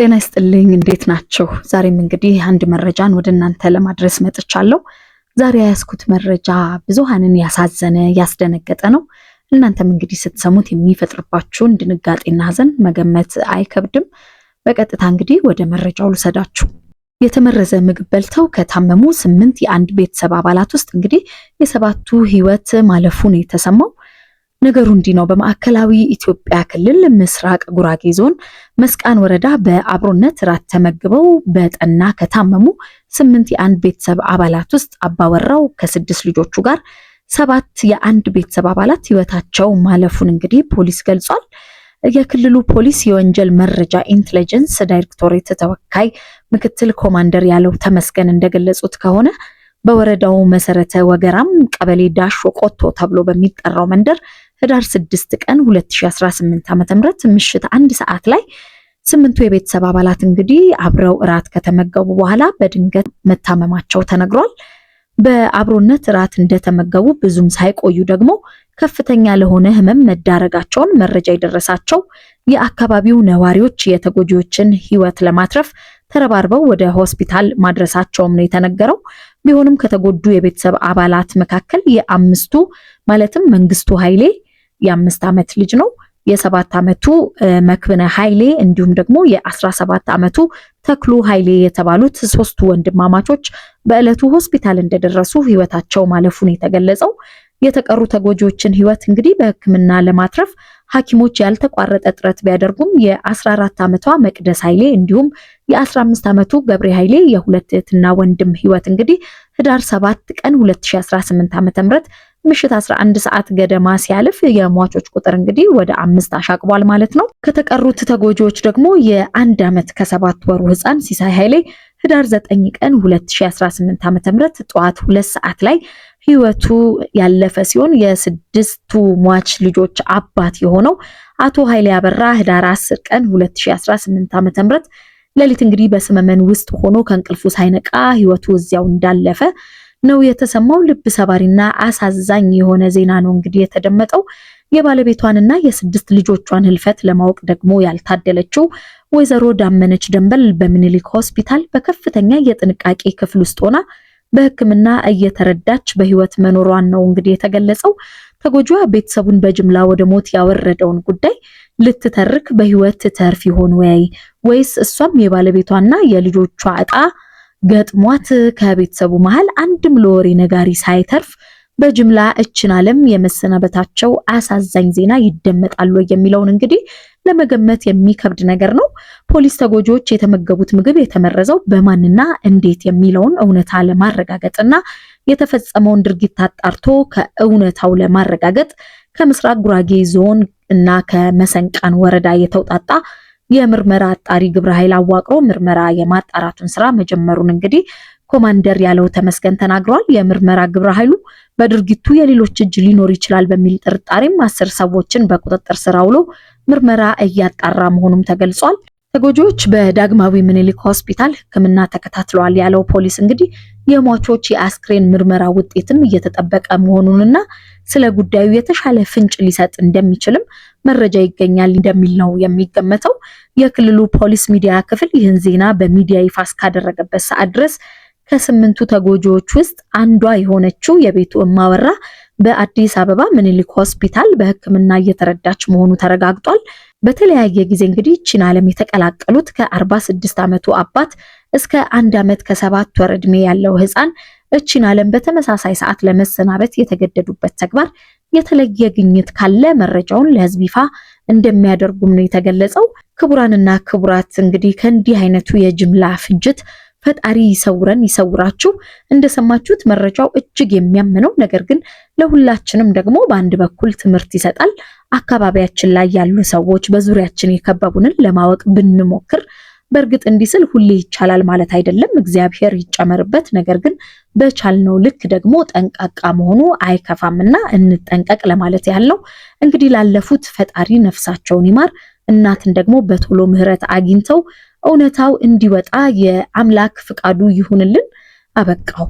ጤና ይስጥልኝ እንዴት ናቸው? ዛሬም እንግዲህ አንድ መረጃን ወደ እናንተ ለማድረስ መጥቻለሁ። ዛሬ ያስኩት መረጃ ብዙሃንን ያሳዘነ ያስደነገጠ ነው። እናንተም እንግዲህ ስትሰሙት የሚፈጥርባችሁን ድንጋጤና ሐዘን መገመት አይከብድም። በቀጥታ እንግዲህ ወደ መረጃው ልሰዳችሁ። የተመረዘ ምግብ በልተው ከታመሙ ስምንት የአንድ ቤተሰብ አባላት ውስጥ እንግዲህ የሰባቱ ሕይወት ማለፉን የተሰማው ነገሩ እንዲህ ነው። በማዕከላዊ ኢትዮጵያ ክልል ምስራቅ ጉራጌ ዞን መስቃን ወረዳ በአብሮነት ራት ተመግበው በጠና ከታመሙ ስምንት የአንድ ቤተሰብ አባላት ውስጥ አባወራው ከስድስት ልጆቹ ጋር ሰባት የአንድ ቤተሰብ አባላት ህይወታቸው ማለፉን እንግዲህ ፖሊስ ገልጿል። የክልሉ ፖሊስ የወንጀል መረጃ ኢንቴሊጀንስ ዳይሬክቶሬት ተወካይ ምክትል ኮማንደር ያለው ተመስገን እንደገለጹት ከሆነ በወረዳው መሰረተ ወገራም ቀበሌ ዳሾ ቆቶ ተብሎ በሚጠራው መንደር ህዳር 6 ቀን 2018 ዓ.ም ምሽት አንድ ሰዓት ላይ ስምንቱ የቤተሰብ አባላት እንግዲህ አብረው እራት ከተመገቡ በኋላ በድንገት መታመማቸው ተነግሯል። በአብሮነት እራት እንደተመገቡ ብዙም ሳይቆዩ ደግሞ ከፍተኛ ለሆነ ህመም መዳረጋቸውን መረጃ የደረሳቸው የአካባቢው ነዋሪዎች የተጎጂዎችን ህይወት ለማትረፍ ተረባርበው ወደ ሆስፒታል ማድረሳቸውም ነው የተነገረው። ቢሆንም ከተጎዱ የቤተሰብ አባላት መካከል የአምስቱ ማለትም መንግስቱ ኃይሌ የአምስት ዓመት ልጅ ነው። የሰባት ዓመቱ መክብነ ኃይሌ እንዲሁም ደግሞ የአስራ ሰባት ዓመቱ ተክሉ ኃይሌ የተባሉት ሶስቱ ወንድማማቾች በዕለቱ ሆስፒታል እንደደረሱ ህይወታቸው ማለፉን የተገለጸው የተቀሩ ተጎጂዎችን ህይወት እንግዲህ በሕክምና ለማትረፍ ሐኪሞች ያልተቋረጠ ጥረት ቢያደርጉም የ14 ዓመቷ መቅደስ ኃይሌ እንዲሁም የ15 ዓመቱ ገብሬ ኃይሌ የሁለት እህትና ወንድም ህይወት እንግዲህ ህዳር 7 ቀን 2018 ዓ.ም ምሽት 11 ሰዓት ገደማ ሲያልፍ የሟቾች ቁጥር እንግዲህ ወደ አምስት አሻቅቧል ማለት ነው። ከተቀሩት ተጎጂዎች ደግሞ የአንድ ዓመት ከሰባት ወሩ ህፃን ሲሳይ ኃይሌ ህዳር 9 ቀን 2018 ዓ.ም ጠዋት ሁለት ሰዓት ላይ ህይወቱ ያለፈ ሲሆን የስድስቱ ሟች ልጆች አባት የሆነው አቶ ኃይሌ አበራ ህዳር 10 ቀን 2018 ዓ.ም ሌሊት እንግዲህ በስመመን ውስጥ ሆኖ ከእንቅልፉ ሳይነቃ ህይወቱ እዚያው እንዳለፈ ነው የተሰማው። ልብ ሰባሪና አሳዛኝ የሆነ ዜና ነው እንግዲህ የተደመጠው። የባለቤቷንና የስድስት ልጆቿን ህልፈት ለማወቅ ደግሞ ያልታደለችው ወይዘሮ ዳመነች ደንበል በምኒልክ ሆስፒታል በከፍተኛ የጥንቃቄ ክፍል ውስጥ ሆና በሕክምና እየተረዳች በህይወት መኖሯን ነው እንግዲህ የተገለጸው። ተጎጂዋ ቤተሰቡን በጅምላ ወደ ሞት ያወረደውን ጉዳይ ልትተርክ በህይወት ተርፍ ይሆን ወይ ወይስ እሷም የባለቤቷና የልጆቿ እጣ ገጥሟት ከቤተሰቡ መሃል አንድም ለወሬ ነጋሪ ሳይተርፍ በጅምላ እችን ዓለም የመሰናበታቸው አሳዛኝ ዜና ይደመጣሉ የሚለውን እንግዲህ ለመገመት የሚከብድ ነገር ነው። ፖሊስ ተጎጂዎች የተመገቡት ምግብ የተመረዘው በማንና እንዴት የሚለውን እውነታ ለማረጋገጥና የተፈጸመውን ድርጊት አጣርቶ ከእውነታው ለማረጋገጥ ከምስራቅ ጉራጌ ዞን እና ከመሰንቃን ወረዳ የተውጣጣ የምርመራ አጣሪ ግብረ ኃይል አዋቅሮ ምርመራ የማጣራቱን ስራ መጀመሩን እንግዲህ ኮማንደር ያለው ተመስገን ተናግሯል። የምርመራ ግብረ ኃይሉ በድርጊቱ የሌሎች እጅ ሊኖር ይችላል በሚል ጥርጣሬም አስር ሰዎችን በቁጥጥር ስር አውሎ ምርመራ እያጣራ መሆኑም ተገልጿል። ተጎጂዎች በዳግማዊ ምኒልክ ሆስፒታል ሕክምና ተከታትለዋል ያለው ፖሊስ እንግዲህ የሟቾች የአስክሬን ምርመራ ውጤትም እየተጠበቀ መሆኑንና ስለ ጉዳዩ የተሻለ ፍንጭ ሊሰጥ እንደሚችልም መረጃ ይገኛል እንደሚል ነው የሚገመተው። የክልሉ ፖሊስ ሚዲያ ክፍል ይህን ዜና በሚዲያ ይፋ እስካደረገበት ሰዓት ድረስ ከስምንቱ ተጎጂዎች ውስጥ አንዷ የሆነችው የቤቱ እማወራ በአዲስ አበባ ምኒልክ ሆስፒታል በሕክምና እየተረዳች መሆኑ ተረጋግጧል። በተለያየ ጊዜ እንግዲህ ይችን ዓለም የተቀላቀሉት ከ46 ዓመቱ አባት እስከ አንድ ዓመት ከሰባት ወር ዕድሜ ያለው ህፃን እቺን ዓለም በተመሳሳይ ሰዓት ለመሰናበት የተገደዱበት ተግባር የተለየ ግኝት ካለ መረጃውን ለህዝብ ይፋ እንደሚያደርጉም ነው የተገለጸው። ክቡራንና ክቡራት እንግዲህ ከእንዲህ አይነቱ የጅምላ ፍጅት ፈጣሪ ይሰውረን ይሰውራችሁ። እንደሰማችሁት መረጃው እጅግ የሚያምነው ነገር ግን ለሁላችንም ደግሞ በአንድ በኩል ትምህርት ይሰጣል። አካባቢያችን ላይ ያሉ ሰዎች በዙሪያችን የከበቡንን ለማወቅ ብንሞክር በእርግጥ እንዲህ ስል ሁሌ ይቻላል ማለት አይደለም፣ እግዚአብሔር ይጨመርበት። ነገር ግን በቻልነው ልክ ደግሞ ጠንቃቃ መሆኑ አይከፋምና እንጠንቀቅ ለማለት ያህል ነው። እንግዲህ ላለፉት ፈጣሪ ነፍሳቸውን ይማር። እናትን ደግሞ በቶሎ ምሕረት አግኝተው እውነታው እንዲወጣ የአምላክ ፍቃዱ ይሁንልን። አበቃው።